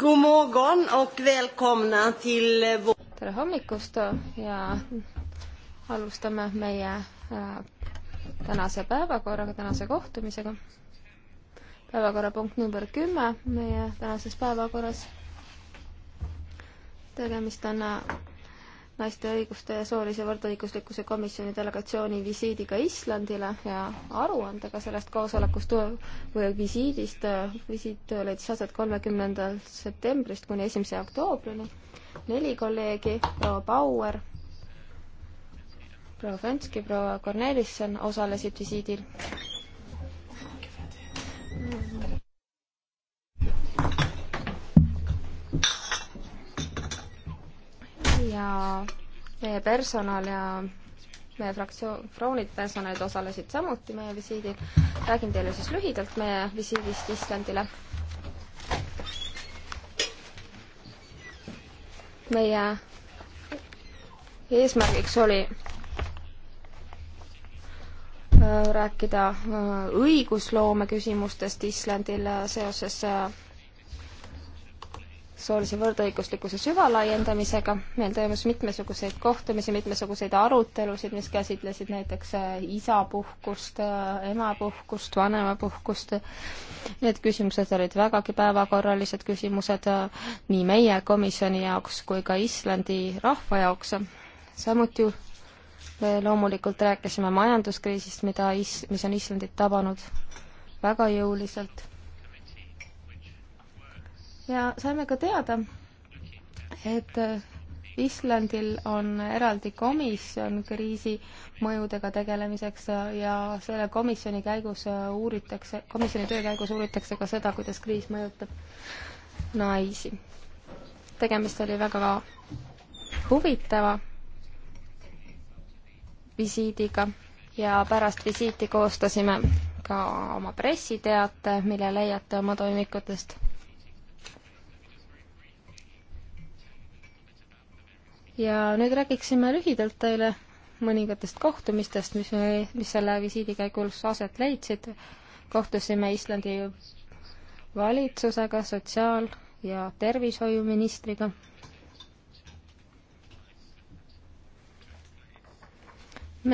God morgon och välkomna till eh, vår... tere hommikust ja alustame meie eh, tänase päevakorraga, tänase kohtumisega. päevakorrapunkt number kümme meie tänases päevakorras. tegemist on eh, naiste õiguste ja soolise võrdõiguslikkuse komisjoni delegatsiooni visiidiga Islandile ja aruandega sellest koosolekust või visiidist. visiit leidis aset kolmekümnendal septembrist kuni esimese oktoobrini. neli kolleegi, proua Bauer, proua Fenski, proua Kornelisson osalesid visiidil. ja meie personal ja meie fraktsioonid, personalid osalesid samuti meie visiidil. räägin teile siis lühidalt meie visiidist Islandile. meie eesmärgiks oli äh, rääkida äh, õigusloome küsimustest Islandil äh, seoses soolise võrdõiguslikkuse süvalaiendamisega. meil toimus mitmesuguseid kohtumisi, mitmesuguseid arutelusid, mis käsitlesid näiteks äh, isapuhkust, äh, emapuhkust, vanemapuhkust. Need küsimused olid vägagi päevakorralised küsimused äh, nii meie komisjoni jaoks kui ka Islandi rahva jaoks. samuti loomulikult rääkisime majanduskriisist, mida is-, mis on Islandit tabanud väga jõuliselt ja saime ka teada, et Islandil on eraldi komisjon kriisi mõjudega tegelemiseks ja selle komisjoni käigus uuritakse, komisjoni töö käigus uuritakse ka seda, kuidas kriis mõjutab naisi. tegemist oli väga huvitava visiidiga ja pärast visiiti koostasime ka oma pressiteate, mille leiate oma toimikutest ja nüüd räägiksime lühidalt teile mõningatest kohtumistest, mis, mis selle visiidi käigus aset leidsid. kohtusime Islandi valitsusega, sotsiaal- ja tervishoiuministriga.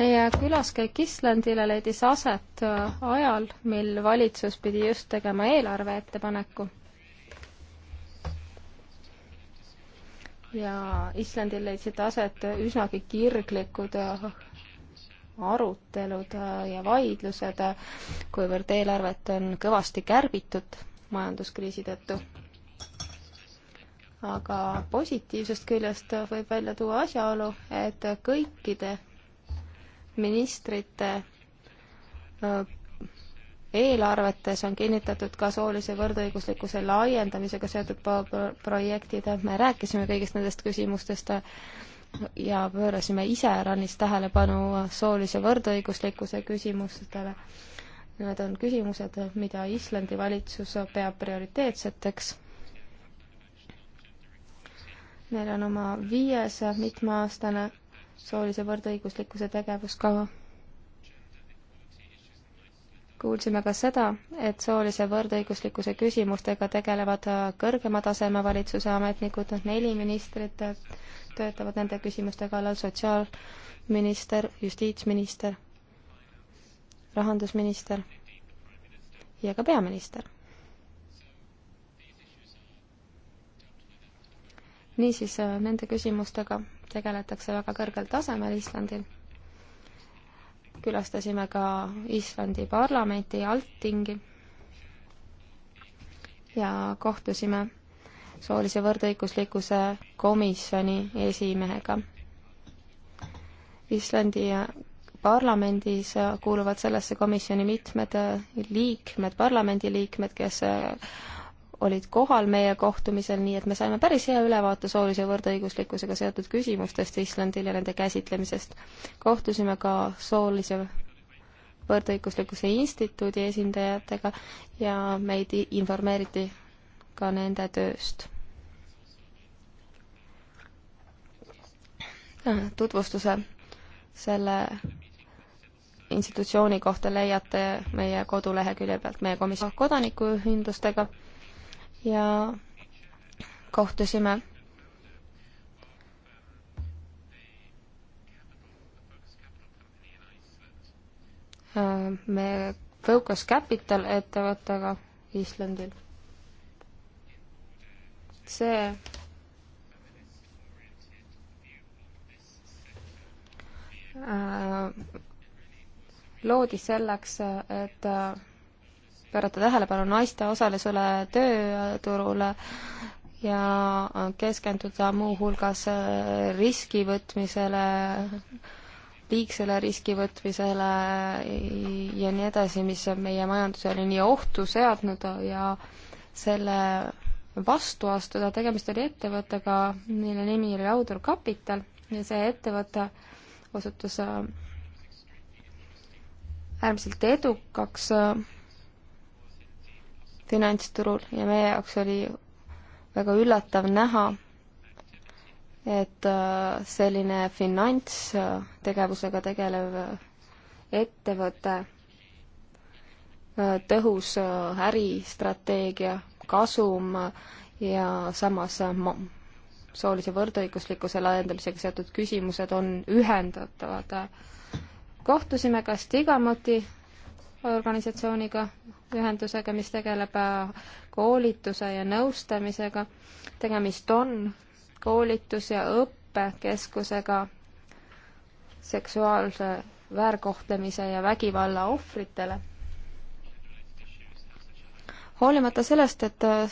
meie külaskäik Islandile leidis aset ajal, mil valitsus pidi just tegema eelarveettepaneku ja Islandil leidsid aset üsnagi kirglikud äh, arutelud äh, ja vaidlused, äh, kuivõrd eelarvet on kõvasti kärbitud majanduskriisi tõttu. aga positiivsest küljest võib välja tuua asjaolu, et kõikide ministrite eelarvetes on kinnitatud ka soolise võrdõiguslikkuse laiendamisega seotud projektid, me rääkisime kõigist nendest küsimustest ja pöörasime iseäranis tähelepanu soolise võrdõiguslikkuse küsimustele. Need on küsimused, mida Islandi valitsus peab prioriteetseteks. Neil on oma viies mitmeaastane soolise võrdõiguslikkuse tegevuskava kuulsime ka seda, et soolise võrdõiguslikkuse küsimustega tegelevad äh, kõrgema taseme valitsuse ametnikud, neli ministrit äh, töötavad nende küsimuste kallal, sotsiaalminister, justiitsminister, rahandusminister ja ka peaminister. niisiis, äh, nende küsimustega tegeletakse väga kõrgel tasemel Islandil külastasime ka Islandi parlamenti Altingi ja kohtusime soolise võrdõiguslikkuse komisjoni esimehega. Islandi parlamendis kuuluvad sellesse komisjoni mitmed liikmed, parlamendiliikmed, kes olid kohal meie kohtumisel, nii et me saime päris hea ülevaate soolise võrdõiguslikkusega seotud küsimustest Islandil ja nende käsitlemisest. kohtusime ka soolise võrdõiguslikkuse instituudi esindajatega ja meid informeeriti ka nende tööst. tutvustuse selle institutsiooni kohta leiate meie kodulehekülje pealt meie komisjoni kodanikuühendustega ja kohtusime me Focus Capital ettevõttega Islandil. see äh, loodi selleks, et äh, pöörata tähelepanu naiste osalusele tööturul ja keskenduda muuhulgas äh, riski võtmisele, liigsele riski võtmisele ja nii edasi, mis on meie majandusele nii ohtu seadnud ja selle vastu astuda, tegemist oli ettevõttega, mille nimi oli Audur Capital ja see ettevõte osutus äh, äärmiselt edukaks äh, finantsturul ja meie jaoks oli väga üllatav näha, et äh, selline finantstegevusega tegelev ettevõte, äh, tõhus äh, äristrateegia, kasum ja samas soolise võrdõiguslikkuse laiendamisega seotud küsimused on ühendatavad. kohtusime ka Stigamoti organisatsiooniga, ühendusega, mis tegeleb äh, koolituse ja nõustamisega. tegemist on koolitus- ja õppekeskusega seksuaalse väärkohtlemise ja vägivalla ohvritele. hoolimata sellest, et äh,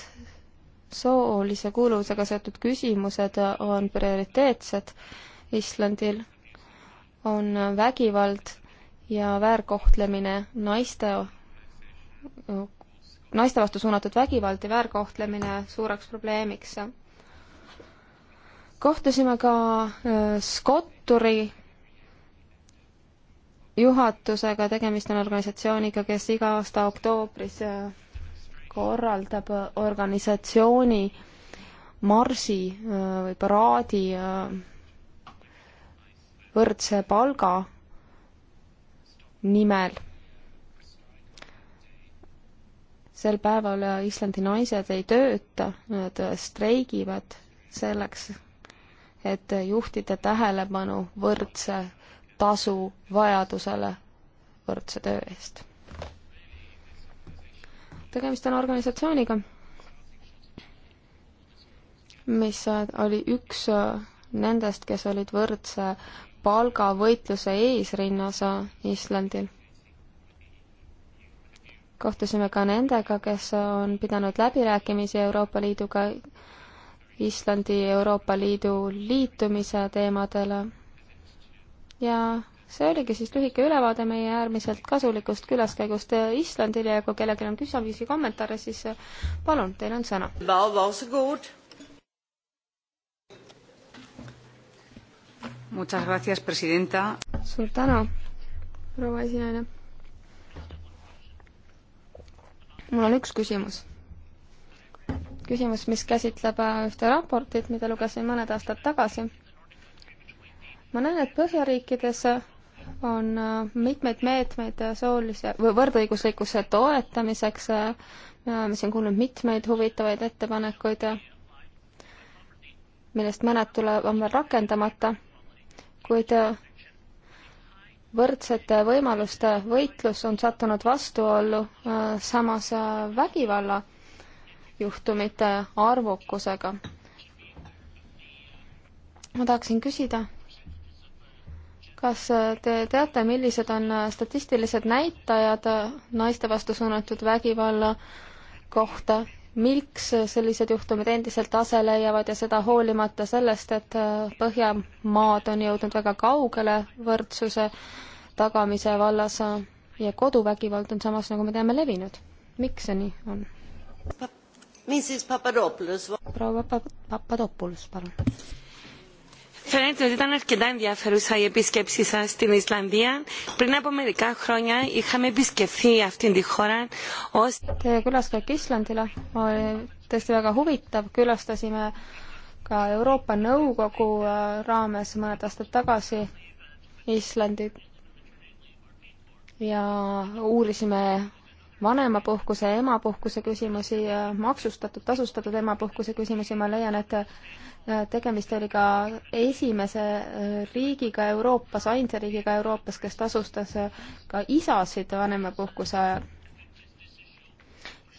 soolise kuuluvusega seotud küsimused on prioriteetsed Islandil, on vägivald ja väärkohtlemine naiste, naiste vastu suunatud vägivald ja väärkohtlemine suureks probleemiks. kohtusime ka äh, Skotturi juhatusega, tegemist on organisatsiooniga, kes iga aasta oktoobris äh, korraldab organisatsiooni marsi äh, või paraadi võrdse palga nimel. sel päeval Islandi naised ei tööta, nad streigivad selleks, et juhtida tähelepanu võrdse tasu vajadusele võrdse töö eest. tegemist on organisatsiooniga, mis oli üks nendest, kes olid võrdse palgavõitluse eesrinnas Islandil. kohtusime ka nendega, kes on pidanud läbirääkimisi Euroopa Liiduga Islandi Euroopa Liidu liitumise teemadele ja see oligi siis lühike ülevaade meie äärmiselt kasulikust külaskäigust Islandile ja kui kellelgi on küsimusi, kommentaare, siis palun, teil on sõna. Muchas gracias, presidenta. suur tänu, proua esinaine. mul on üks küsimus. küsimus, mis käsitleb äh, ühte raportit, mida lugesin mõned aastad tagasi. ma näen, et Põhjariikides on äh, mitmeid meetmeid soolise või võrdõiguslikkuse toetamiseks. me oleme siin kuulnud mitmeid huvitavaid ettepanekuid, millest mõned tule-, on veel rakendamata kuid äh, võrdsete võimaluste võitlus on sattunud vastuollu äh, samas äh, vägivalla juhtumite arvukusega. ma tahaksin küsida, kas te teate, millised on statistilised näitajad naiste vastu suunatud vägivalla kohta miks sellised juhtumid endiselt ase leiavad ja seda hoolimata sellest, et Põhjamaad on jõudnud väga kaugele võrdsuse tagamise vallas ja koduvägivald on samas, nagu me teame, levinud. miks see nii on? proua Papadopoulos, palun. Φαίνεται ότι ήταν αρκετά ενδιαφέρουσα η επίσκεψή σα στην Ισλανδία. Πριν από μερικά χρόνια είχαμε επισκεφθεί αυτή τη χώρα ως... Teie külaskäik Islandile oli tõesti väga huvitav, külastasime ka Euroopa Nõukogu äh, raames mõned aastad tagasi Islandit ja uurisime vanemapuhkuse, emapuhkuse küsimusi, maksustatud, tasustatud emapuhkuse küsimusi, ma leian, et Äh, tegemist oli ka esimese äh, riigiga Euroopas, ainsa riigiga Euroopas, kes tasustas äh, ka isasid vanemapuhkuse ajal.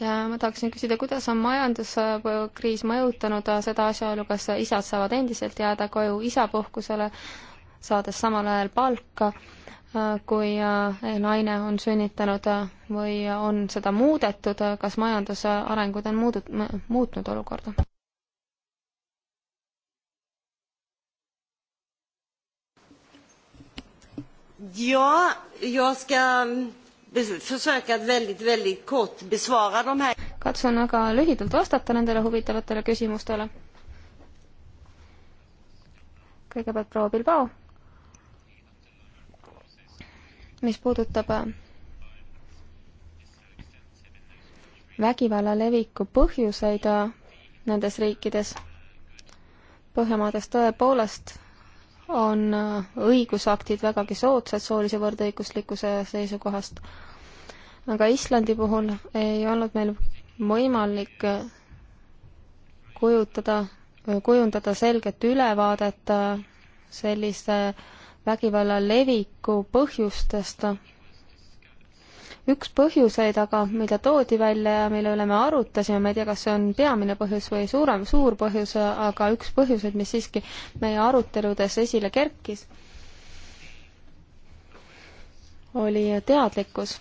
ja ma tahaksin küsida, kuidas on majanduskriis mõjutanud seda asjaolu, kas isad saavad endiselt jääda koju isapuhkusele, saades samal ajal palka, kui naine on sünnitanud või on seda muudetud, kas majanduse arengud on muudut-, muutnud olukorda? Ja, jag ska försöka att väldigt, väldigt kort besvara de här. Katsun aga lühidalt vastata nendele huvitavatele küsimustele. Kõigepealt proua Bilbao, mis puudutab äh, vägivalla leviku põhjuseid äh, nendes riikides. Põhjamaades tõepoolest on äh, õigusaktid vägagi soodsad soolise võrdõiguslikkuse seisukohast. aga Islandi puhul ei olnud meil võimalik äh, kujutada, äh, kujundada selget ülevaadet sellise vägivalla leviku põhjustest üks põhjuseid aga, mida toodi välja ja mille üle me arutasime, ma ei tea, kas see on peamine põhjus või suurem, suur põhjus, aga üks põhjuseid, mis siiski meie aruteludes esile kerkis, oli teadlikkus.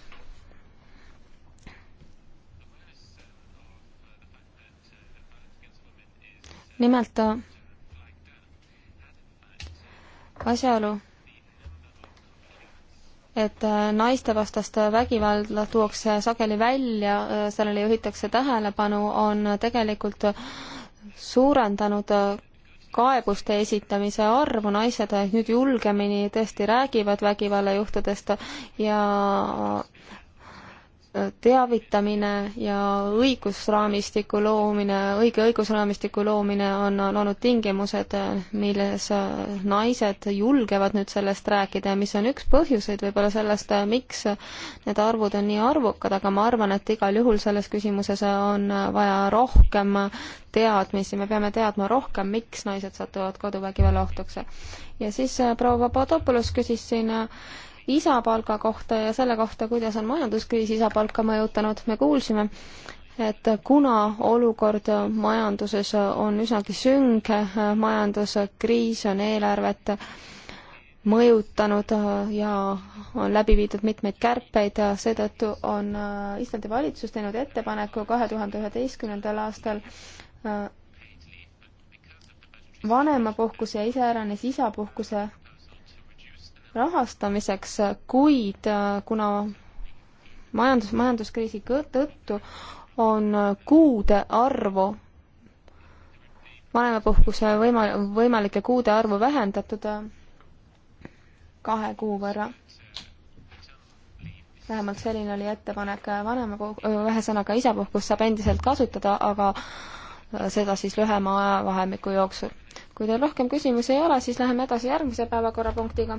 nimelt äh, asjaolu, et äh, naistevastast vägivalda tuuakse sageli välja, äh, sellele juhitakse tähelepanu, on tegelikult suurendanud äh, kaebuste esitamise arvu, naised nüüd julgemini tõesti räägivad vägivallajuhtudest ja teavitamine ja õigusraamistiku loomine, õige õigusraamistiku loomine on loonud tingimused, milles naised julgevad nüüd sellest rääkida ja mis on üks põhjuseid võib-olla sellest, miks need arvud on nii arvukad, aga ma arvan, et igal juhul selles küsimuses on vaja rohkem teadmisi, me peame teadma rohkem, miks naised satuvad koduvägivalla ohtuks. ja siis äh, proua Papadopoulos küsis siin isapalga kohta ja selle kohta, kuidas on majanduskriis isapalka mõjutanud, me kuulsime, et kuna olukord majanduses on üsnagi sünge, majanduskriis on eelarvet mõjutanud ja on läbi viidud mitmeid kärpeid, seetõttu on Islandi valitsus teinud ettepaneku kahe tuhande üheteistkümnendal aastal äh, vanemapuhkuse ja iseäranis isapuhkuse rahastamiseks, kuid äh, kuna majandus, majanduskriisi tõttu on äh, kuude arvu, vanemapuhkuse võima-, võimalike kuude arvu vähendatud äh, kahe kuu võrra. vähemalt selline oli ettepanek, vanemapuh-, ühesõnaga isapuhkust saab endiselt kasutada, aga seda siis lühema ajavahemiku jooksul. kui teil rohkem küsimusi ei ole, siis läheme edasi järgmise päevakorrapunktiga.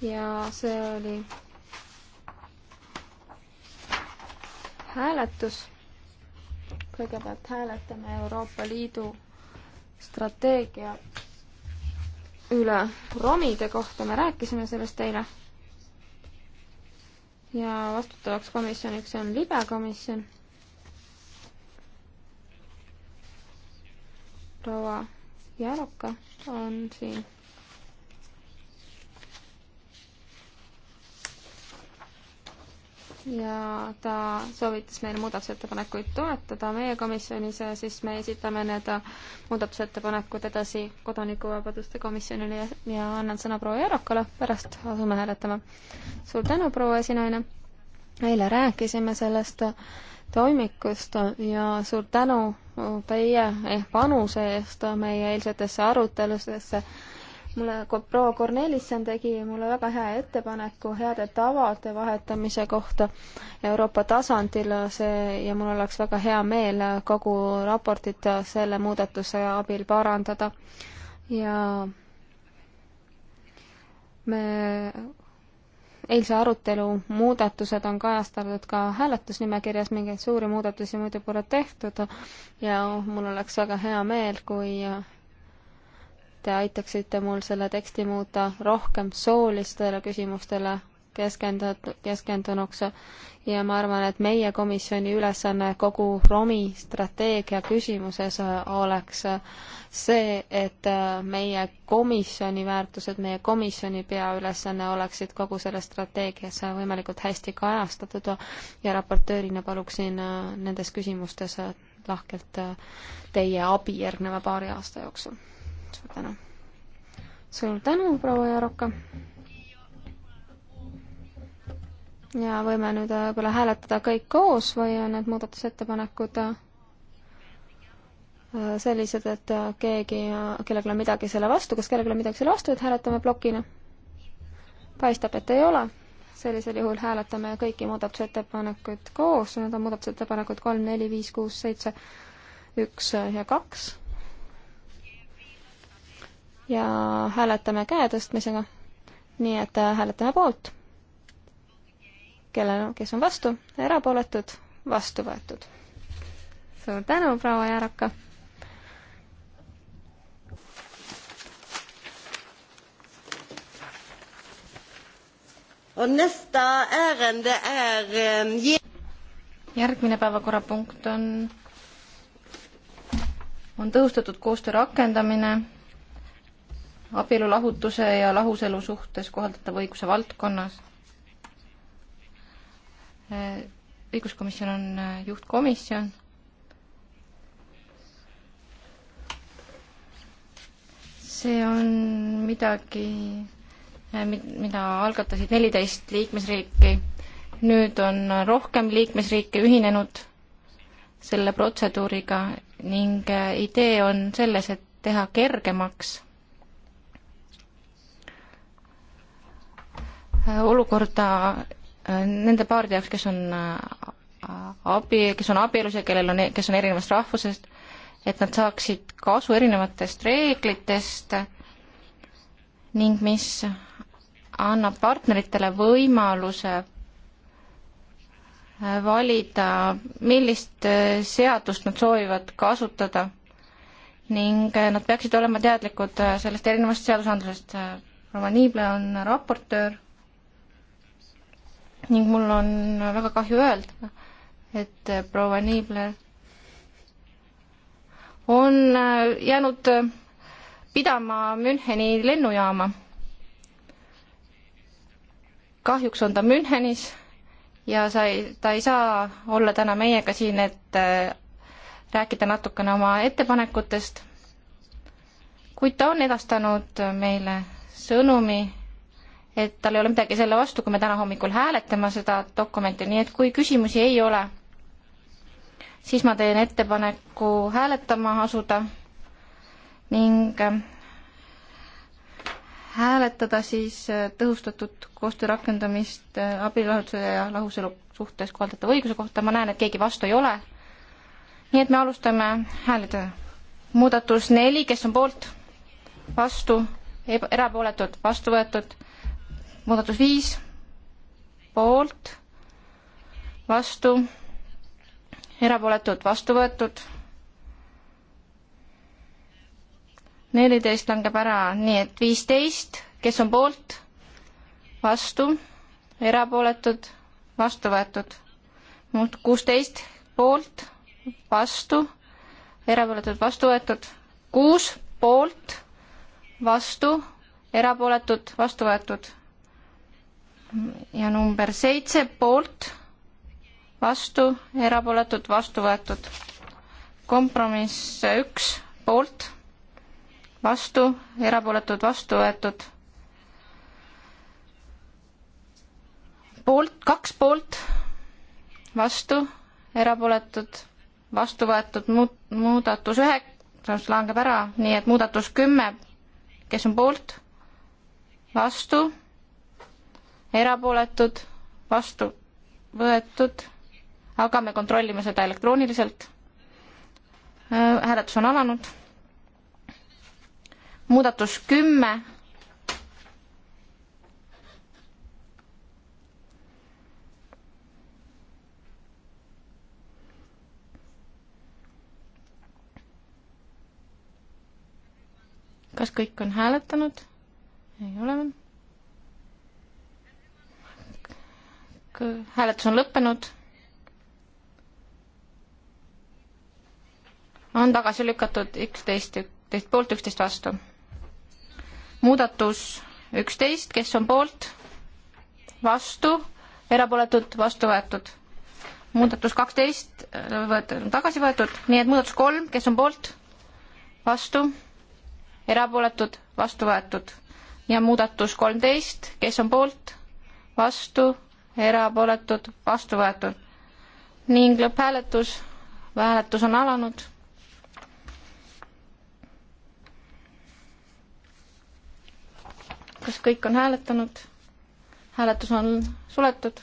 ja see oli hääletus. kõigepealt hääletame Euroopa Liidu strateegia üle romide kohta, me rääkisime sellest eile. ja vastutavaks komisjoniks on libekomisjon proua Jaroka on siin. ja ta soovitas meil muudatusettepanekuid toetada meie komisjonis ja äh, siis me esitame need äh, muudatusettepanekud edasi Kodanikuvabaduste komisjonile ja, ja annan sõna proua Jarokale, pärast asume hääletama. suur tänu, proua esinaine! eile rääkisime sellest äh, toimikust ja suur tänu teie eh, panuse eest meie eilsetesse aruteludesse mulle proua Cornelissen tegi mulle väga hea ettepaneku heade tavade vahetamise kohta Euroopa tasandil see ja mul oleks väga hea meel kogu raportit selle muudatuse abil parandada ja me eilse arutelu muudatused on kajastatud ka hääletusnimekirjas, mingeid suuri muudatusi muidu pole tehtud ja mul oleks väga hea meel, kui te aitaksite mul selle teksti muuta rohkem soolistele küsimustele keskendatud, keskendunuks ja ma arvan, et meie komisjoni ülesanne kogu Romi strateegia küsimuses äh, oleks äh, see, et äh, meie komisjoni väärtused, meie komisjoni peaülesanne oleksid kogu selles strateegias võimalikult hästi kajastatud ja raportöörina paluksin nendes küsimustes lahkelt teie abi järgneva paari aasta jooksul. suur tänu! suur tänu, proua Jaroka! ja võime nüüd äh, võib-olla hääletada kõik koos või on need muudatusettepanekud äh, sellised, et äh, keegi, kellelgi on midagi selle vastu, kas kellelgi on midagi selle vastu, et hääletame plokina? paistab, et ei ole. sellisel juhul hääletame kõiki muudatusettepanekuid koos, need on muudatusettepanekud kolm, neli, viis, kuus, seitse, üks ja kaks. ja hääletame käe tõstmisega. nii et hääletame poolt kellel, kes on vastu, erapooletud, vastu võetud. suur tänu, proua Järaka. Ehm, järgmine päevakorrapunkt on, on tõhustatud koostöö rakendamine abielulahutuse ja lahuselu suhtes kohaldatava õiguse valdkonnas Äh, õiguskomisjon on äh, juhtkomisjon. see on midagi, äh, mida algatasid neliteist liikmesriiki. nüüd on rohkem liikmesriike ühinenud selle protseduuriga ning idee on selles, et teha kergemaks olukorda nende paaride jaoks, kes on äh, abi, kes on abielus ja kellel on, e-, kes on erinevast rahvusest, et nad saaksid kasu erinevatest reeglitest ning mis annab partneritele võimaluse äh, valida, millist äh, seadust nad soovivad kasutada ning nad peaksid olema teadlikud sellest erinevast seadusandlusest. proua Niible on raportöör ning mul on väga kahju öelda, et eh, proua Niibler on eh, jäänud eh, pidama Müncheni lennujaama. kahjuks on ta Münchenis ja sai, ta ei saa olla täna meiega siin, et rääkida natukene oma ettepanekutest, kuid ta on edastanud meile sõnumi et tal ei ole midagi selle vastu, kui me täna hommikul hääletame seda dokumenti, nii et kui küsimusi ei ole, siis ma teen ettepaneku hääletama asuda ning äh, hääletada siis äh, tõhustatud koostöö rakendamist äh, abielahutuse ja lahuselu suhtes kohaldatava õiguse kohta, ma näen, et keegi vastu ei ole. nii et me alustame hääletada. muudatus neli, kes on poolt, vastu, erapooletud, vastu võetud muudatus viis poolt, vastu, erapooletud, vastu võetud. neliteist langeb ära, nii et viisteist, kes on poolt, vastu, erapooletud, vastu võetud. kuusteist poolt, vastu, erapooletud, vastu võetud. kuus poolt, vastu, erapooletud, vastu võetud ja number seitse poolt, vastu, erapooletud, vastu võetud. kompromiss üks poolt, vastu, erapooletud, vastu võetud. poolt, kaks poolt, vastu, erapooletud, vastu võetud muud, muudatus üheksas langeb ära, nii et muudatus kümme, kes on poolt, vastu erapooletud, vastu võetud, aga me kontrollime seda elektrooniliselt. Äh, hääletus on alanud. muudatus kümme. kas kõik on hääletanud? ei ole veel Äh, hääletus on lõppenud. on tagasi lükatud üksteist, üksteist poolt, üksteist vastu. muudatus üksteist, kes on poolt, vastu, erapooletud, vastu võetud. muudatus kaksteist äh, võetud, tagasi võetud, nii et muudatus kolm, kes on poolt, vastu, erapooletud, vastu võetud ja muudatus kolmteist, kes on poolt, vastu, erapooletud, vastu võetud. ning lõpphääletus, hääletus on alanud. kas kõik on hääletanud? hääletus on suletud.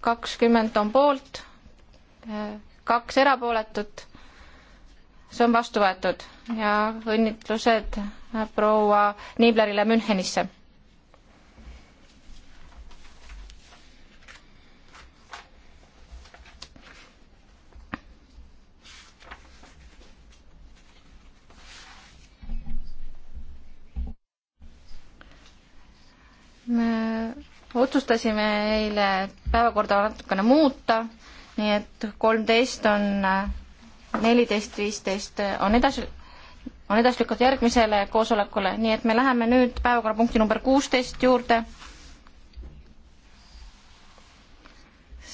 kakskümmend on poolt, kaks erapooletut. see on vastu võetud ja õnnitlused proua Niiblerile Münchenisse me otsustasime eile päevakorda natukene muuta, nii et kolmteist on, neliteist, viisteist on edasi, on edasi lükatud järgmisele koosolekule, nii et me läheme nüüd päevakorrapunkti number kuusteist juurde.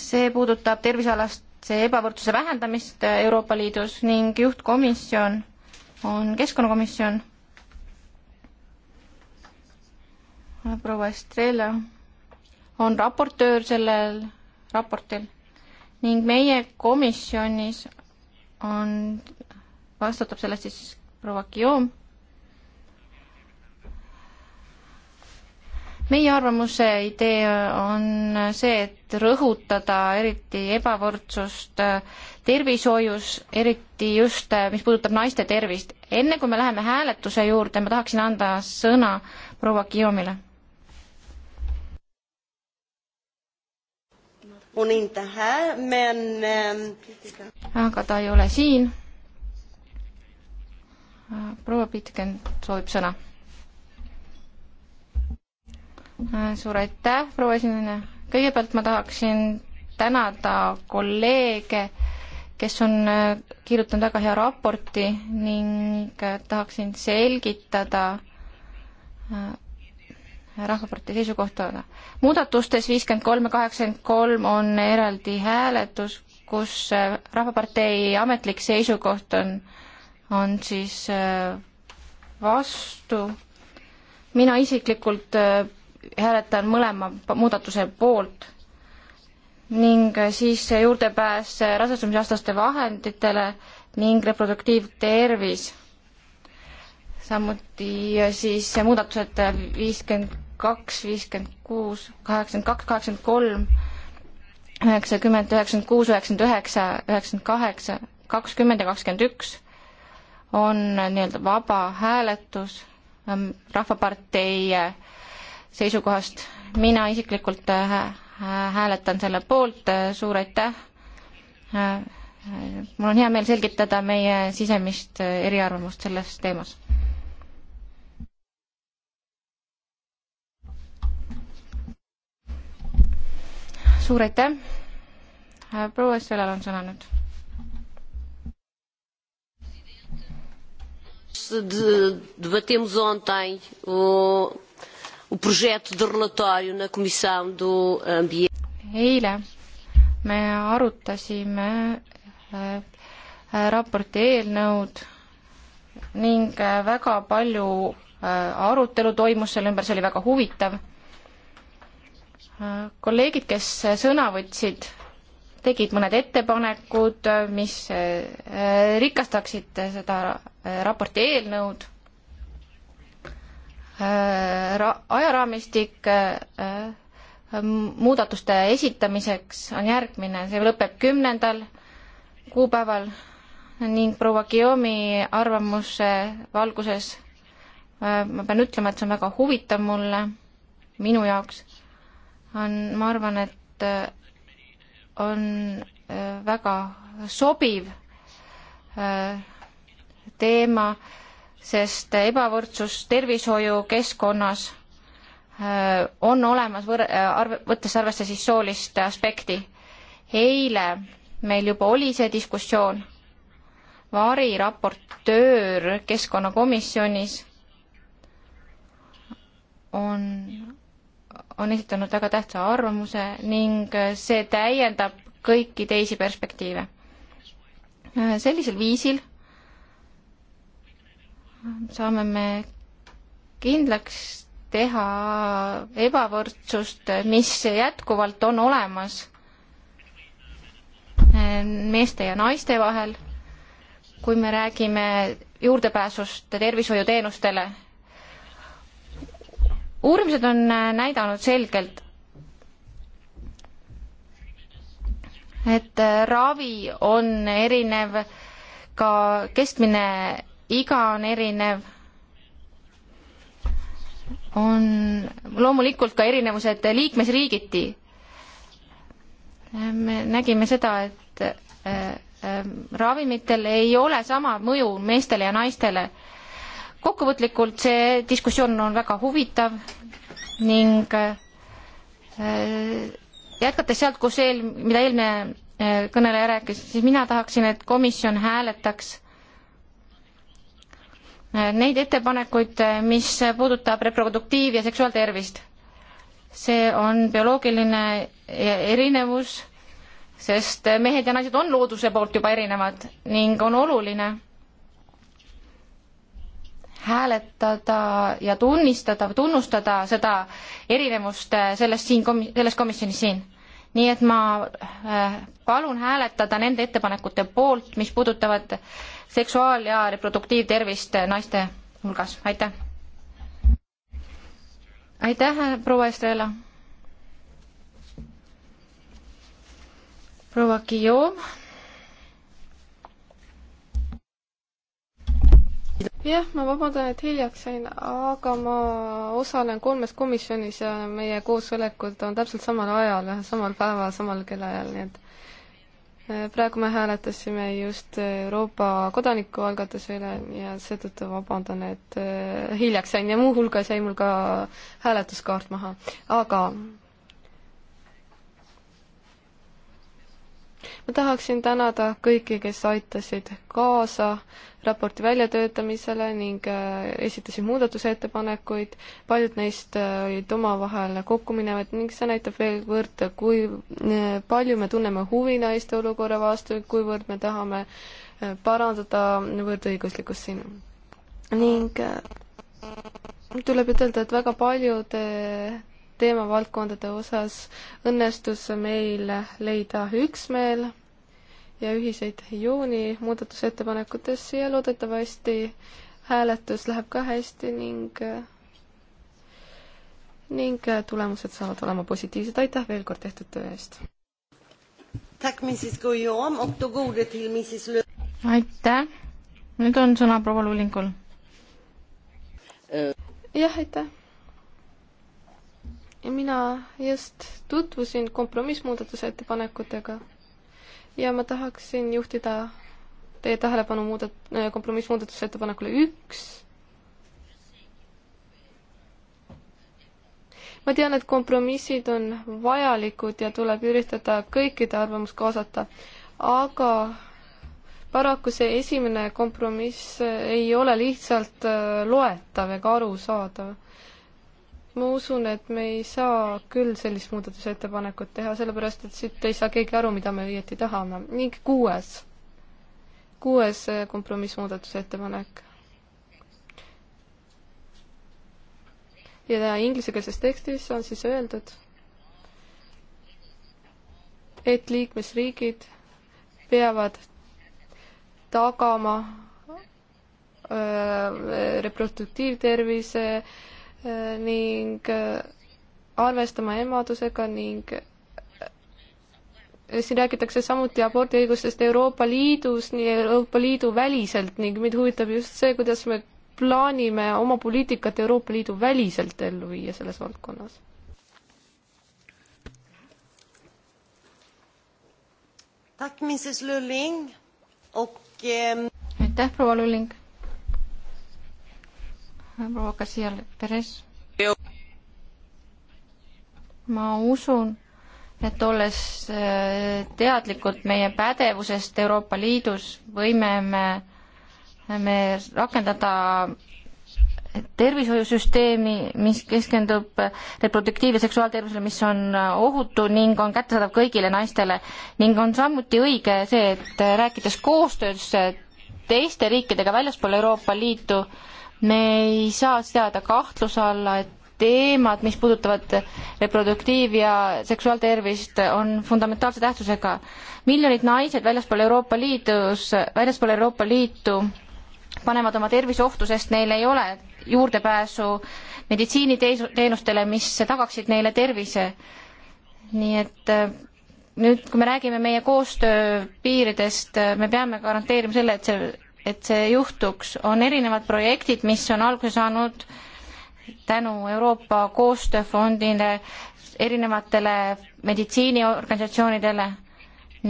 see puudutab tervisealast see ebavõrdsuse vähendamist Euroopa Liidus ning juhtkomisjon on keskkonnakomisjon proua Estrela on raportöör sellel raportil ning meie komisjonis on, vastutab sellest siis proua Guillaume. meie arvamuse idee on see, et rõhutada eriti ebavõrdsust tervishoius, eriti just, mis puudutab naiste tervist. enne kui me läheme hääletuse juurde, ma tahaksin anda sõna proua Guillaume'ile on inte här, men... Ehm, aga ta ei ole siin. proua Pitken soovib sõna. suur aitäh, proua esineja. kõigepealt ma tahaksin tänada kolleege, kes on äh, kirjutanud väga hea raporti ning äh, tahaksin selgitada äh, Rahvapartei seisukohta. muudatustes viiskümmend kolm ja kaheksakümmend kolm on eraldi hääletus, kus äh, Rahvapartei ametlik seisukoht on, on siis äh, vastu. mina isiklikult äh, hääletan mõlema muudatuse poolt ning siis juurdepääs rasestumisvastaste vahenditele ning reproduktiivtervis samuti siis muudatused viiskümmend kaks, viiskümmend kuus, kaheksakümmend kaks, kaheksakümmend kolm, üheksakümmend, üheksakümmend kuus, üheksakümmend üheksa, üheksakümmend kaheksa, kakskümmend ja kakskümmend üks on nii-öelda vaba hääletus ähm, Rahvapartei äh, seisukohast. mina isiklikult äh, hääletan selle poolt, äh, suur aitäh. mul on hea meel selgitada meie sisemist eriarvamust selles teemas suur aitäh. proua Estelal on sõna nüüd. debatemos ontem o, o projeto de relatório na Comissão do Ambiente. Eile me arutasime eh, raporti eelnõud ning eh, väga palju eh, arutelu toimus selle ümber, see oli väga huvitav kolleegid, kes sõna võtsid, tegid mõned ettepanekud, mis äh, rikastaksid seda äh, raporti eelnõud. Äh, ra-, ajaraamistik muudatuste esitamiseks on järgmine, see lõpeb kümnendal kuupäeval ning proua Guillaume'i arvamuse valguses ma pean ütlema, et see on väga huvitav mulle, minu jaoks on, ma arvan, et äh, on äh, väga sobiv äh, teema, sest ebavõrdsus tervishoiukeskkonnas on olemas võr-, arv-, võttes arvesse siis soolist aspekti. eile meil juba oli see diskussioon, Vari raportöör keskkonnakomisjonis on on esitanud väga tähtsa arvamuse ning see täiendab kõiki teisi perspektiive. sellisel viisil saame me kindlaks teha ebavõrdsust, mis jätkuvalt on olemas meeste ja naiste vahel, kui me räägime juurdepääsust tervishoiuteenustele uurimused on äh, näidanud selgelt, et äh, ravi on erinev, ka keskmine iga on erinev, on loomulikult ka erinevused liikmesriigiti. Äh, me nägime seda, et ravimitel ei ole sama mõju meestele ja naistele äh, kokkuvõtlikult see diskussioon on väga huvitav ning äh, jätkates sealt, kus eel, mida eelmine äh, kõneleja rääkis, siis mina tahaksin, et komisjon hääletaks äh, neid ettepanekuid, mis puudutab reproduktiiv- ja seksuaaltervist. see on bioloogiline e-, erinevus, sest mehed ja naised on looduse poolt juba erinevad ning on oluline hääletada ja tunnistada, tunnustada seda erinevust äh, sellest siin kom-, selles komisjonis siin. nii et ma äh, palun hääletada nende ettepanekute poolt, mis puudutavad seksuaal- ja reproduktiivtervist naiste hulgas, aitäh. aitäh, äh, proua Estrela. proua Guillaume jah, ma vabandan, et hiljaks sain, aga ma osalen kolmes komisjonis ja meie koosolekud on täpselt samal ajal, samal päeval, samal kellaajal, nii et eh, praegu me hääletasime just Euroopa kodanikualgatuse üle ja seetõttu vabandan, et eh, hiljaks sain ja muuhulgas jäi mul ka hääletuskaart maha, aga ma tahaksin tänada kõiki, kes aitasid kaasa raporti väljatöötamisele ning äh, esitasid muudatusettepanekuid. paljud neist äh, olid omavahel kokkuminevad ning see näitab veel kord, kui äh, palju me tunneme huvi naiste olukorra vastu, kuivõrd me tahame parandada võrdõiguslikkust siin. ning tuleb ütelda, et väga paljude teemavaldkondade osas õnnestus meil leida üksmeel ja ühiseid jooni muudatusettepanekutes ja loodetavasti hääletus läheb ka hästi ning ning tulemused saavad olema positiivsed. aitäh veel kord tehtud töö eest! aitäh! nüüd on sõna proua Lullingul. jah, aitäh! mina just tutvusin kompromissmuudatuse ettepanekutega ja ma tahaksin juhtida teie tähelepanu muudat-, äh, kompromissmuudatuse ettepanekule üks. ma tean, et kompromissid on vajalikud ja tuleb üritada kõikide arvamust kaasata, aga paraku see esimene kompromiss ei ole lihtsalt äh, loetav ega arusaadav ma usun, et me ei saa küll sellist muudatusettepanekut teha, sellepärast et siit ei saa keegi aru, mida me õieti tahame. ning kuues, kuues äh, kompromissmuudatusettepanek. ja inglisekeelses tekstis on siis öeldud, et liikmesriigid peavad tagama äh, reproduktiivtervise äh, ning äh, arvestama emadusega ning äh, siin räägitakse samuti abordiõigustest Euroopa Liidus, nii Euroopa Liidu väliselt ning mind huvitab just see, kuidas me plaanime oma poliitikat Euroopa Liidu väliselt ellu viia selles valdkonnas. Ehm, aitäh, proua Lulling proua Garcia Perez. ma usun, et olles äh, teadlikud meie pädevusest Euroopa Liidus, võime me, me rakendada tervishoiusüsteemi, mis keskendub reproduktiiv- ja seksuaaltervisele, mis on äh, ohutu ning on kättesaadav kõigile naistele ning on samuti õige see, et äh, rääkides koostöös teiste riikidega väljaspool Euroopa Liitu, me ei saa seada kahtluse alla, et teemad, mis puudutavad reproduktiiv- ja seksuaaltervist, on fundamentaalse tähtsusega. miljonid naised väljaspool Euroopa Liidus, väljaspool Euroopa Liitu panevad oma tervise ohtu, sest neil ei ole juurdepääsu meditsiiniteenustele, mis tagaksid neile tervise. nii et äh, nüüd, kui me räägime meie koostöö piiridest, äh, me peame garanteerima selle, et see et see juhtuks, on erinevad projektid, mis on alguse saanud tänu Euroopa Koostööfondile, erinevatele meditsiiniorganisatsioonidele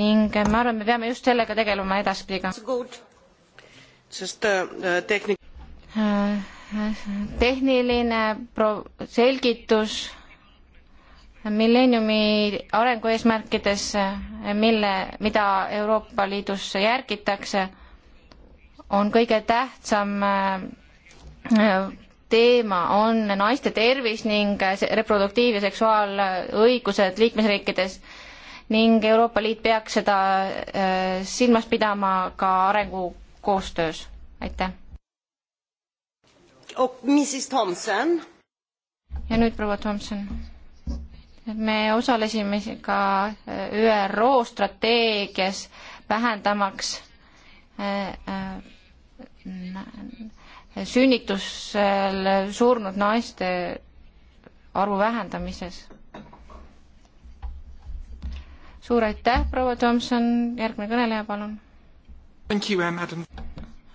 ning ma arvan, me peame just sellega tegelema edaspidi ka. sest äh, tehnik-. tehniline pro-, selgitus milleeniumi arengueesmärkides, mille, mida Euroopa Liidus järgitakse on kõige tähtsam äh, teema on naiste tervis ning reproduktiiv- ja seksuaalõigused liikmesriikides ning Euroopa Liit peaks seda äh, silmas pidama ka arengukoostöös. aitäh. Oh, ja nüüd proua Tomson. me osalesime ka äh, ÜRO strateegias vähendamaks sünnitusel surnud naiste arvu vähendamises. suur aitäh, proua Tomson, järgmine kõneleja, palun. Eh,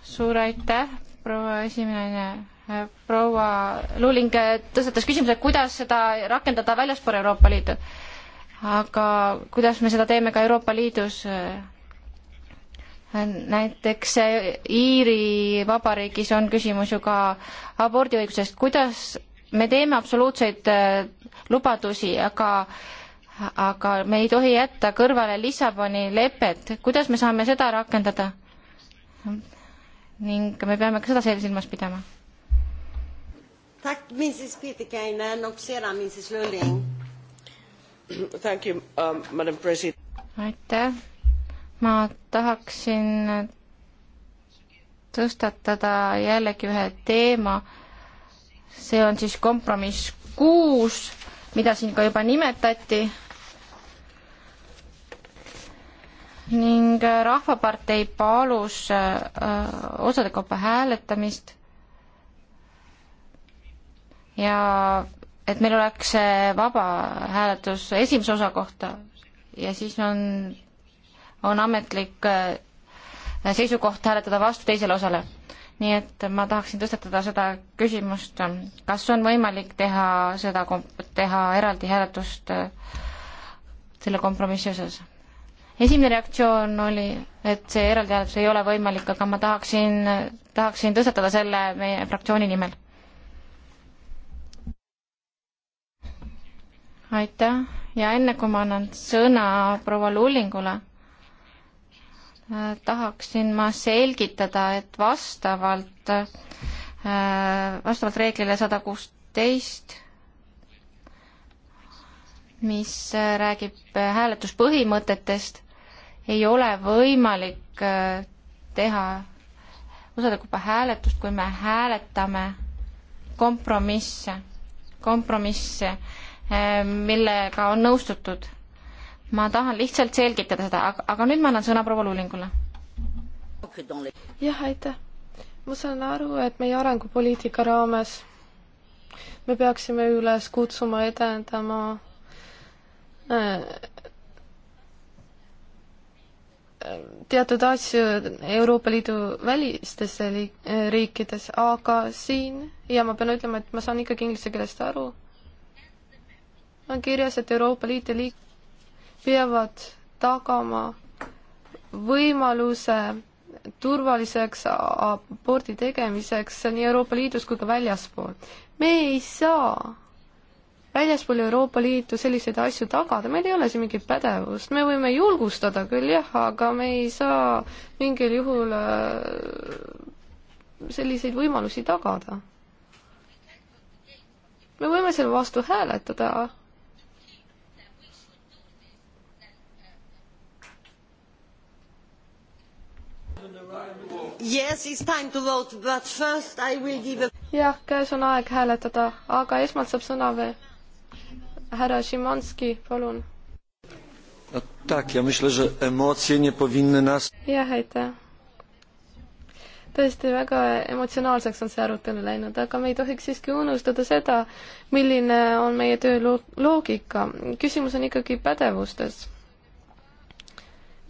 suur aitäh, proua esimene eh, proua Luling eh, tõstatas küsimuse, kuidas seda rakendada väljaspool Euroopa Liitu. aga kuidas me seda teeme ka Euroopa Liidus, näiteks Iiri Vabariigis on küsimus ju ka abordiõigusest, kuidas me teeme absoluutseid äh, lubadusi, aga aga me ei tohi jätta kõrvale Lissaboni lepet, kuidas me saame seda rakendada? ning me peame ka seda silmas pidama. Um, aitäh, ma tahaksin tõstatada jällegi ühe teema, see on siis kompromiss kuus, mida siin ka juba nimetati. ning Rahvapartei palus äh, osade kaupa hääletamist ja et meil oleks vaba hääletus esimese osa kohta ja siis on on ametlik äh, seisukoht hääletada vastu teisele osale. nii et ma tahaksin tõstatada seda küsimust, kas on võimalik teha seda, teha eraldi hääletust äh, selle kompromissi osas? esimene reaktsioon oli, et see eraldi hääletus ei ole võimalik, aga ma tahaksin, tahaksin tõstatada selle meie fraktsiooni nimel. aitäh ja enne kui ma annan sõna proua Lullingule tahaksin ma selgitada, et vastavalt, äh, vastavalt reeglile sada kuusteist, mis äh, räägib äh, hääletuspõhimõtetest, ei ole võimalik teha osadekupa hääletust, kui me hääletame kompromisse, kompromisse, millega on nõustutud ma tahan lihtsalt selgitada seda, aga, aga nüüd ma annan sõna proua Luulingule. jah, aitäh. ma saan aru, et meie arengupoliitika raames me peaksime üles kutsuma edendama äh, teatud asju Euroopa Liidu välistes riikides, aga siin, ja ma pean ütlema, et ma saan ikkagi inglise keelest aru, on kirjas, et Euroopa Liit ja liik-, peavad tagama võimaluse turvaliseks abordi tegemiseks nii Euroopa Liidus kui ka väljaspool. me ei saa väljaspool Euroopa Liitu selliseid asju tagada, meil ei ole siin mingit pädevust, me võime julgustada küll jah, aga me ei saa mingil juhul äh, selliseid võimalusi tagada. me võime selle vastu hääletada, jah, käes on aeg hääletada, aga esmalt saab sõna veel härra Šimanski, palun. jah, aitäh. tõesti, väga emotsionaalseks on see arutelu läinud, aga me ei tohiks siiski unustada seda, milline on meie töö loogika. küsimus on ikkagi pädevustes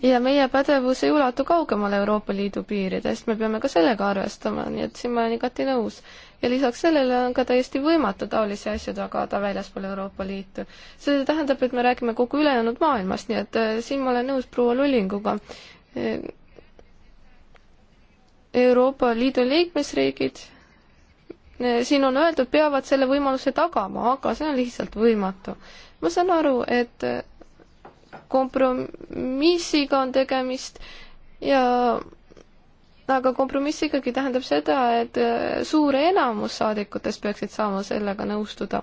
ja meie pädevus ei ulatu kaugemale Euroopa Liidu piiridest, me peame ka sellega arvestama, nii et siin ma olen igati nõus. ja lisaks sellele on ka täiesti võimatu taolisi asju tagada väljaspool Euroopa Liitu. see tähendab, et me räägime kogu ülejäänud maailmast, nii et äh, siin ma olen nõus proua Lullinguga. Äh, Euroopa Liidu liikmesriigid, äh, siin on öeldud, peavad selle võimaluse tagama, aga see on lihtsalt võimatu. ma saan aru, et kompromissiga on tegemist ja aga kompromiss ikkagi tähendab seda, et äh, suur enamus saadikutest peaksid saama sellega nõustuda.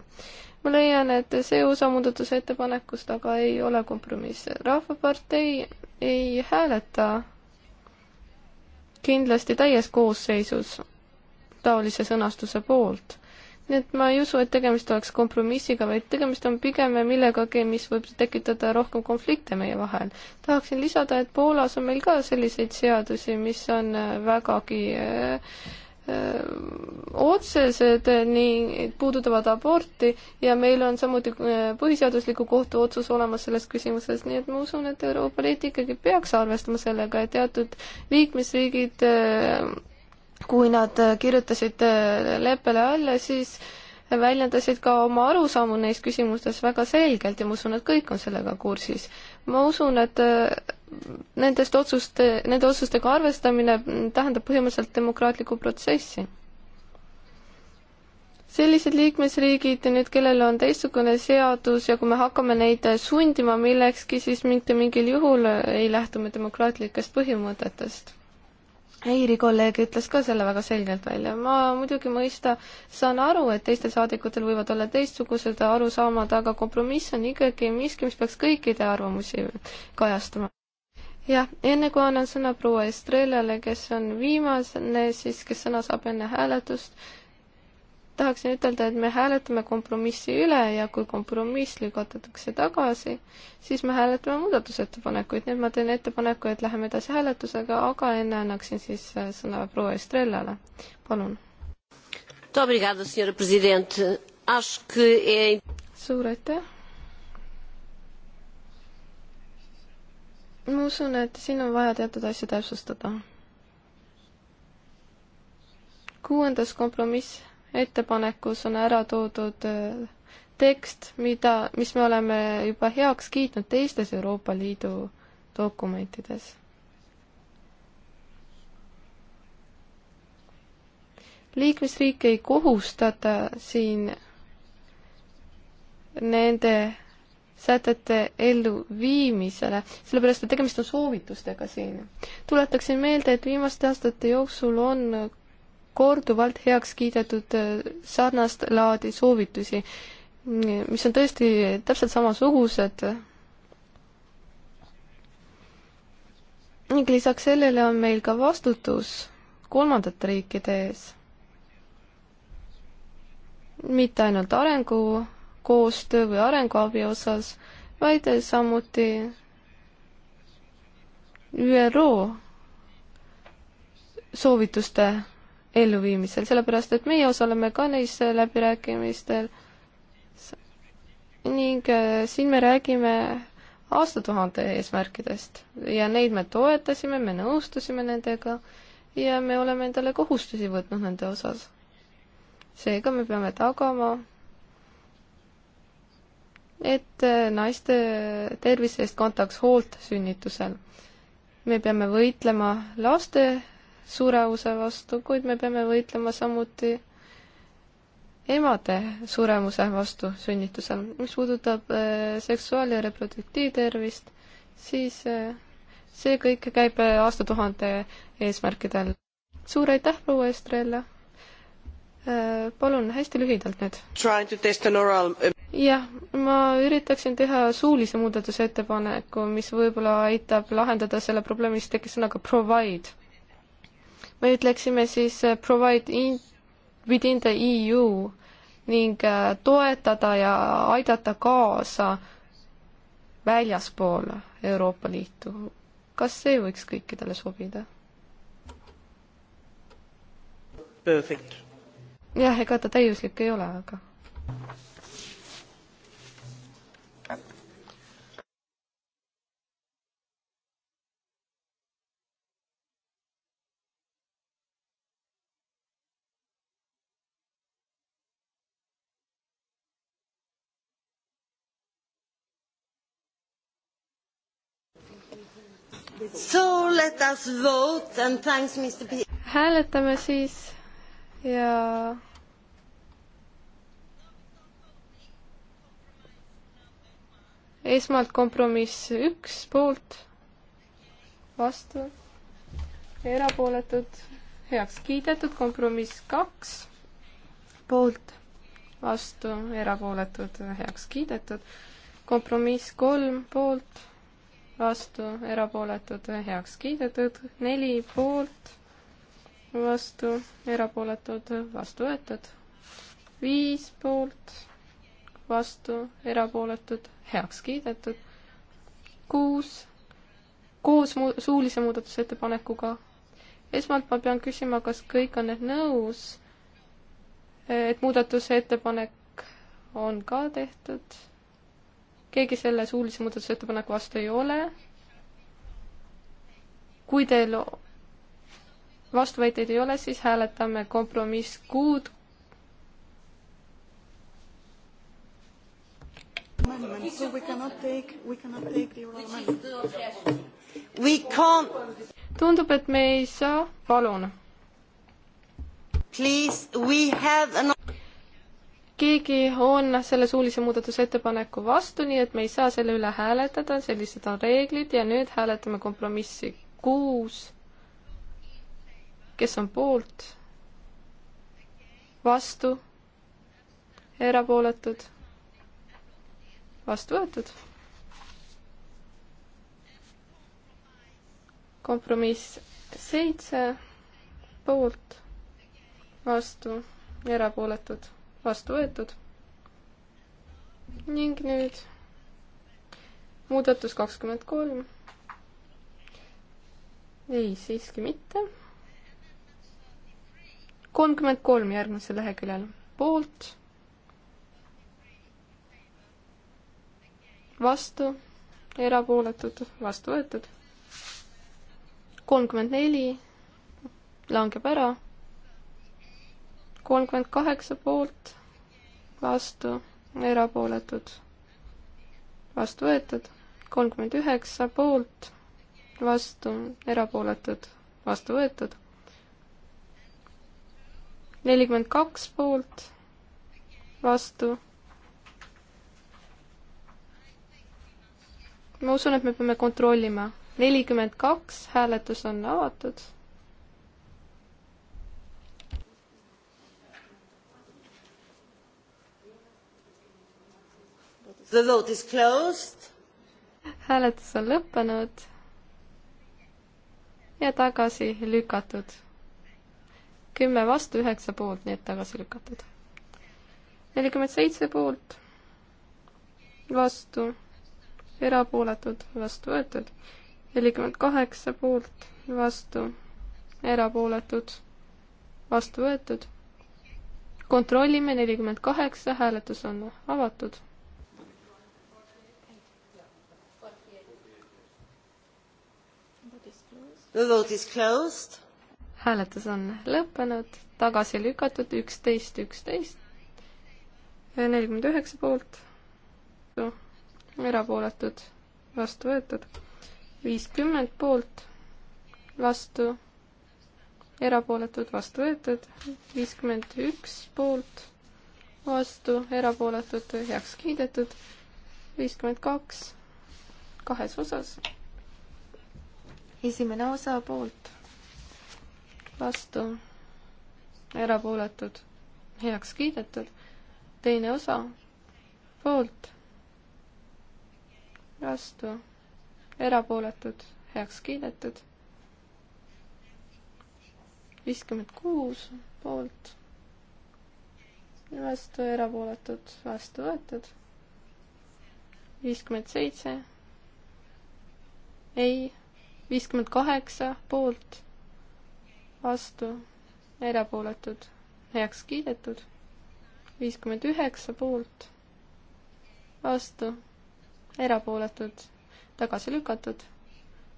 ma leian, et see osa muudatusettepanekust aga ei ole kompromiss. rahvapartei ei hääleta kindlasti täies koosseisus taolise sõnastuse poolt nii et ma ei usu, et tegemist oleks kompromissiga, vaid tegemist on pigem millegagi, mis võib tekitada rohkem konflikte meie vahel. tahaksin lisada, et Poolas on meil ka selliseid seadusi, mis on äh, vägagi äh, äh otsesed äh, nii puudutavad aborti ja meil on samuti põhiseadusliku kohtu otsus olemas selles küsimuses, nii et ma usun, et Euroopa Liit ikkagi peaks arvestama sellega, et teatud liikmesriigid kui nad äh, kirjutasid äh, leppele alla, siis väljendasid ka oma arusaamu neis küsimustes väga selgelt ja ma usun, et kõik on sellega kursis. ma usun, et äh, nendest otsuste, nende otsustega arvestamine tähendab põhimõtteliselt demokraatlikku protsessi. sellised liikmesriigid nüüd, kellel on teistsugune seadus ja kui me hakkame neid sundima millekski, siis mitte mingil juhul ei lähtu me demokraatlikest põhimõtetest Iiri kolleeg ütles ka selle väga selgelt välja. ma muidugi mõista, saan aru, et teistel saadikutel võivad olla teistsugused arusaamad, aga kompromiss on ikkagi miski, mis peaks kõikide arvamusi kajastama. jah, enne kui annan sõna proua Estrellale, kes on viimane, siis kes sõna saab enne hääletust, tahaksin ütelda, et me hääletame kompromissi üle ja kui kompromiss lükatakse tagasi, siis me hääletame muudatusettepanekuid, nii et ma teen ettepaneku, et läheme edasi hääletusega, aga enne annaksin siis äh, sõna proua Estrellale, palun. suur aitäh. ma usun, et siin on vaja teatud asju täpsustada. kuuendas kompromiss ettepanekus on ära toodud äh, tekst, mida, mis me oleme juba heaks kiitnud teistes Euroopa Liidu dokumentides liikmesriike ei kohustata siin nende sätete elluviimisele, sellepärast et tegemist on soovitustega siin. tuletaksin meelde, et viimaste aastate jooksul on korduvalt heaks kiidetud äh, sarnast laadi soovitusi, mis on tõesti täpselt samasugused. ning lisaks sellele on meil ka vastutus kolmandate riikide ees. mitte ainult arengukoostöö või arenguabi osas, vaid samuti ÜRO soovituste elluviimisel, sellepärast et meie osaleme ka neis läbirääkimistel. ning äh, siin me räägime aastatuhande eesmärkidest ja neid me toetasime, me nõustusime nendega ja me oleme endale kohustusi võtnud nende osas. seega me peame tagama, et äh, naiste tervise eest kantaks hoolt sünnitusel. me peame võitlema laste suremuse vastu, kuid me peame võitlema samuti emade suremuse vastu sünnitusel. mis puudutab äh, seksuaal- ja reproduktiivtervist, siis äh, see kõik käib äh, aastatuhande eesmärkidel. suur aitäh, proua Estrella! palun hästi lühidalt nüüd. jah, ma üritaksin teha suulise muudatusettepaneku, mis võib-olla aitab lahendada selle probleemi, mis tekkis sõnaga provide me ütleksime siis eh, provide in, within the EU ning eh, toetada ja aidata kaasa väljaspool Euroopa Liitu. kas see võiks kõikidele sobida? jah, ega ta täiuslik ei ole, aga So let us vote and thanks Mr P-. hääletame siis ja esmalt kompromiss üks poolt, vastu, erapooletud, heaks kiidetud, kompromiss kaks poolt, vastu, erapooletud, heaks kiidetud, kompromiss kolm poolt vastu, erapooletud, heaks kiidetud, neli poolt, vastu, erapooletud, vastu võetud, viis poolt, vastu, erapooletud, heaks kiidetud, kuus, koos mu-, suulise muudatusettepanekuga. esmalt ma pean küsima, kas kõik on nüüd nõus, et muudatusettepanek on ka tehtud keegi selle suulise muudatusettepaneku vastu ei ole. kui teil vastuväiteid ei ole, siis hääletame kompromiss kuud. tundub, et me ei saa, palun. Please, we have an keegi on selle suulise muudatusettepaneku vastu, nii et me ei saa selle üle hääletada, sellised on reeglid ja nüüd hääletame kompromissi kuus. kes on poolt? vastu? erapooletud? vastu võetud? kompromiss seitse poolt, vastu, erapooletud vastu võetud. ning nüüd muudatus kakskümmend kolm. ei, siiski mitte. kolmkümmend kolm järgmisel leheküljel poolt. vastu, erapooletud, vastu võetud. kolmkümmend neli langeb ära kolmkümmend kaheksa poolt, vastu, erapooletud, vastu võetud, kolmkümmend üheksa poolt, vastu, erapooletud, vastu võetud, nelikümmend kaks poolt, vastu. ma usun, et me peame kontrollima. nelikümmend kaks, hääletus on avatud The vote is closed. hääletus on lõppenud ja tagasi lükatud. kümme vastu, üheksa poolt, nii et tagasi lükatud. nelikümmend seitse poolt, vastu, erapooletud, vastu võetud. nelikümmend kaheksa poolt, vastu, erapooletud, vastu võetud kontrollime nelikümmend kaheksa, hääletus on avatud. The vote is closed. hääletus on lõppenud, tagasi lükatud üksteist, üksteist, nelikümmend üheksa poolt, erapooletud, vastu võetud, viiskümmend poolt, vastu, erapooletud, vastu võetud, viiskümmend üks poolt, vastu, erapooletud, heaks kiidetud, viiskümmend kaks, kahes osas esimene osa poolt, vastu, erapooletud, heaks kiidetud. teine osa poolt, vastu, erapooletud, heaks kiidetud. viiskümmend kuus poolt, vastu, erapooletud, vastu võetud. viiskümmend seitse, ei viiskümmend kaheksa poolt, vastu, erapooletud, heaks kiidetud. viiskümmend üheksa poolt, vastu, erapooletud, tagasi lükatud.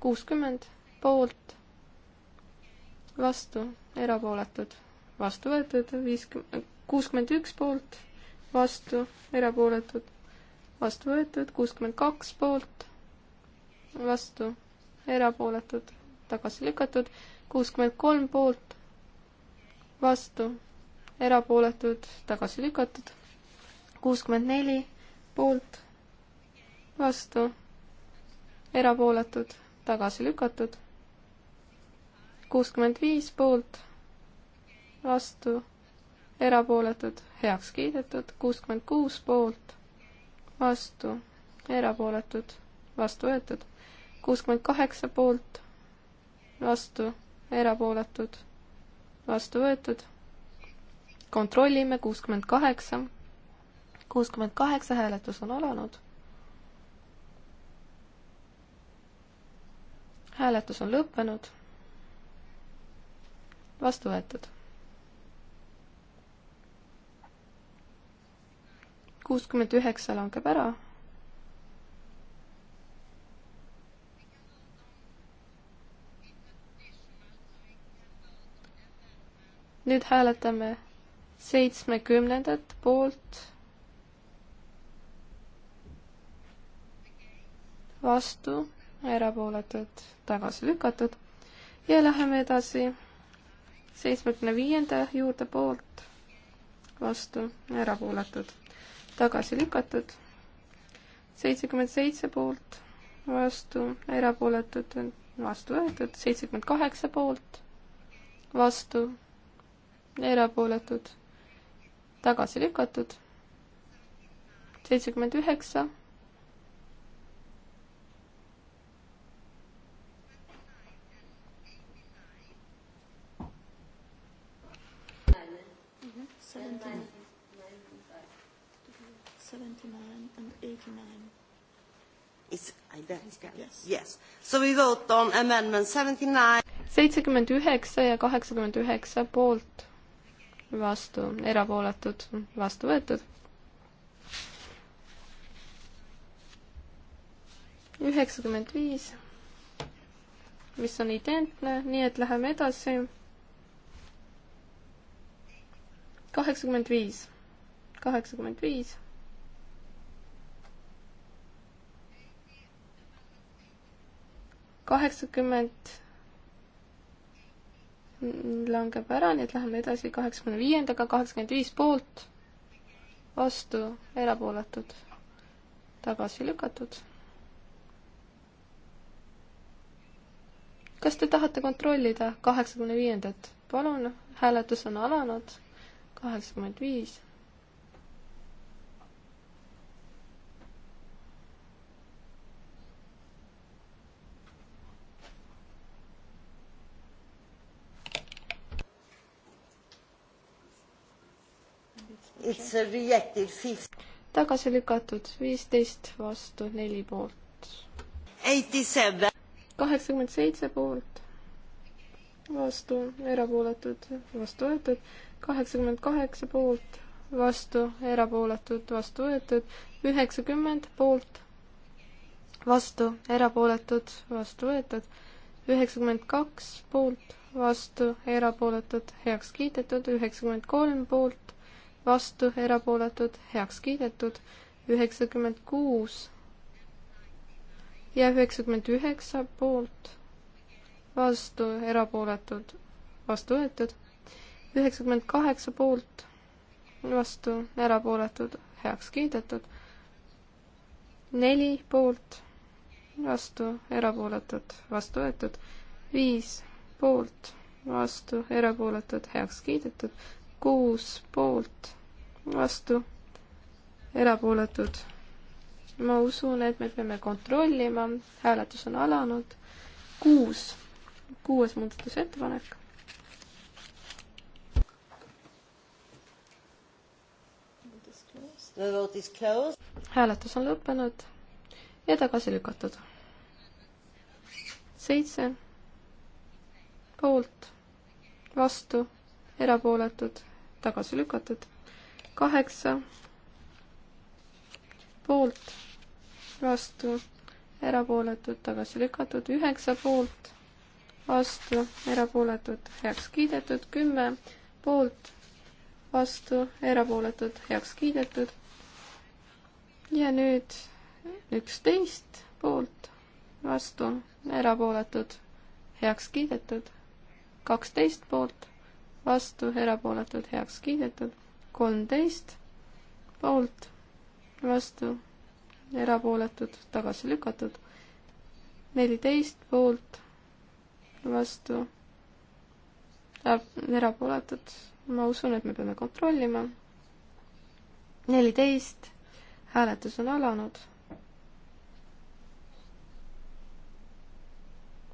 kuuskümmend poolt, vastu, erapooletud, vastu võetud, viiskümmend, äh, kuuskümmend üks poolt, vastu, erapooletud, vastu võetud, kuuskümmend kaks poolt, vastu erapooletud, tagasi lükatud, kuuskümmend kolm poolt, vastu, erapooletud, tagasi lükatud, kuuskümmend neli poolt, vastu, erapooletud, tagasi lükatud, kuuskümmend viis poolt, vastu, erapooletud, heaks kiidetud, kuuskümmend kuus poolt, vastu, erapooletud, vastu võetud kuuskümmend kaheksa poolt, vastu, erapooletud, vastu võetud. kontrollime, kuuskümmend kaheksa. kuuskümmend kaheksa hääletus on alanud. hääletus on lõppenud. vastu võetud. kuuskümmend üheksa langeb ära nüüd hääletame seitsmekümnendat poolt. vastu, erapooletud, tagasi lükatud ja läheme edasi seitsmekümne viienda juurde poolt, vastu, erapooletud, tagasi lükatud, seitsekümmend seitse poolt, vastu, erapooletud, vastu võetud, seitsekümmend kaheksa poolt, vastu, erapooletud, tagasi lükatud. seitsekümmend üheksa. Seventy-nine and eighty-nine. It's identical. Yes. yes. So we vote on amendment seventy-nine. seitsekümmend üheksa ja kaheksakümmend üheksa poolt vastu, erapooletud, vastu võetud. üheksakümmend viis, mis on identne, nii et läheme edasi. kaheksakümmend viis, kaheksakümmend viis kaheksakümmend langeb ära, nii et läheme edasi kaheksakümne viiendaga, kaheksakümmend viis poolt, vastu, erapooletud, tagasi lükatud. kas te tahate kontrollida kaheksakümne viiendat? palun, hääletus on alanud, kaheksakümmend viis. tagasi lükatud viisteist vastu neli poolt. kaheksakümmend seitse poolt, vastu erapooletud, vastu võetud, kaheksakümmend kaheksa poolt, vastu erapooletud, vastu võetud, üheksakümmend poolt, vastu erapooletud, vastu võetud, üheksakümmend kaks poolt, vastu erapooletud, heaks kiidetud, üheksakümmend kolm poolt, vastu, erapooletud, heaks kiidetud, üheksakümmend kuus ja üheksakümmend üheksa poolt, vastu, erapooletud, vastu võetud, üheksakümmend kaheksa poolt, vastu, erapooletud, heaks kiidetud, neli poolt, vastu, erapooletud, vastu võetud, viis poolt, vastu, erapooletud, heaks kiidetud, kuus poolt, vastu, erapooletud. ma usun, et me peame kontrollima, hääletus on alanud. kuus, kuues muudatusettepanek hääletus on lõppenud ja tagasi lükatud. seitse poolt, vastu, erapooletud, tagasi lükatud. kaheksa poolt, vastu, erapooletud, tagasi lükatud, üheksa poolt, vastu, erapooletud, heaks kiidetud, kümme poolt, vastu, erapooletud, heaks kiidetud. ja nüüd üksteist poolt, vastu, erapooletud, heaks kiidetud, kaksteist poolt, vastu, erapooletud, heaks kiidetud. kolmteist poolt, vastu, erapooletud, tagasi lükatud. neliteist poolt, vastu, erapooletud. ma usun, et me peame kontrollima. neliteist, hääletus on alanud.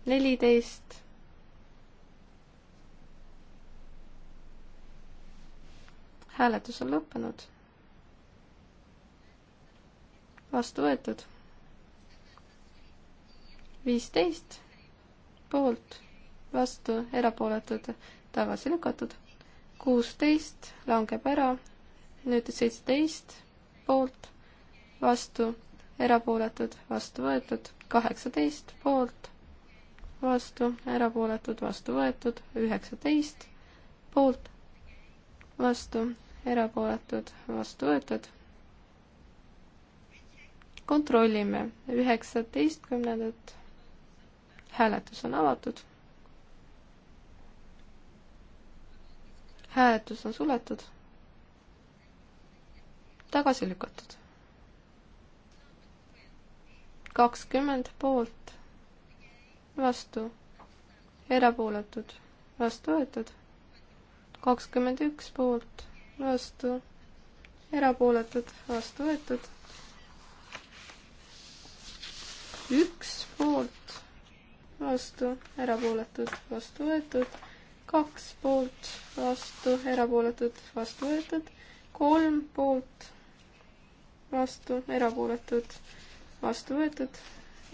neliteist hääletus on lõppenud. vastu võetud. viisteist poolt, vastu, erapooletud, tagasi lükatud. kuusteist langeb ära, nüüd seitseteist poolt, vastu, erapooletud, vastu võetud, kaheksateist poolt, vastu, erapooletud, vastu võetud, üheksateist poolt, vastu, erapooletud, vastu võetud. kontrollime üheksateistkümnendat. hääletus on avatud. hääletus on suletud. tagasi lükatud. kakskümmend poolt, vastu, erapooletud, vastu võetud kakskümmend üks poolt, vastu, erapooletud, vastu võetud. üks poolt, vastu, erapooletud, vastu võetud. kaks poolt, vastu, erapooletud, vastu võetud. kolm poolt, vastu, erapooletud, vastu võetud.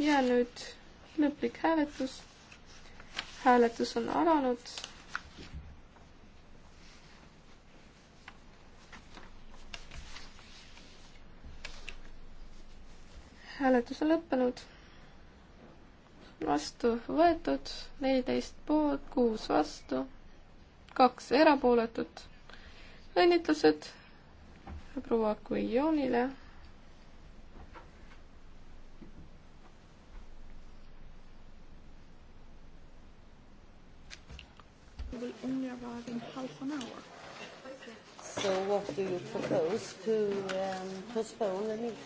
ja nüüd lõplik hääletus. hääletus on alanud hääletus on lõppenud. vastu võetud, neliteist poolt, kuus vastu, kaks erapooletut. õnnitlused proua Kuionile. will only arrive in half an hour. So what do you propose to um, postpone the meeting?